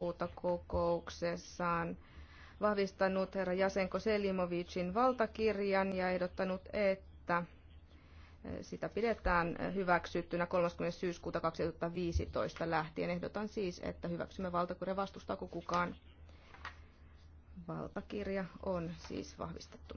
lokakuuta kokouksessaan vahvistanut herra Jasenko Selimovicin valtakirjan ja ehdottanut, että eh, sitä pidetään hyväksyttynä 30. syyskuuta 2015 lähtien. Ehdotan siis, että hyväksymme valtakirjan vastustaako kukaan. Valtakirja on siis vahvistettu.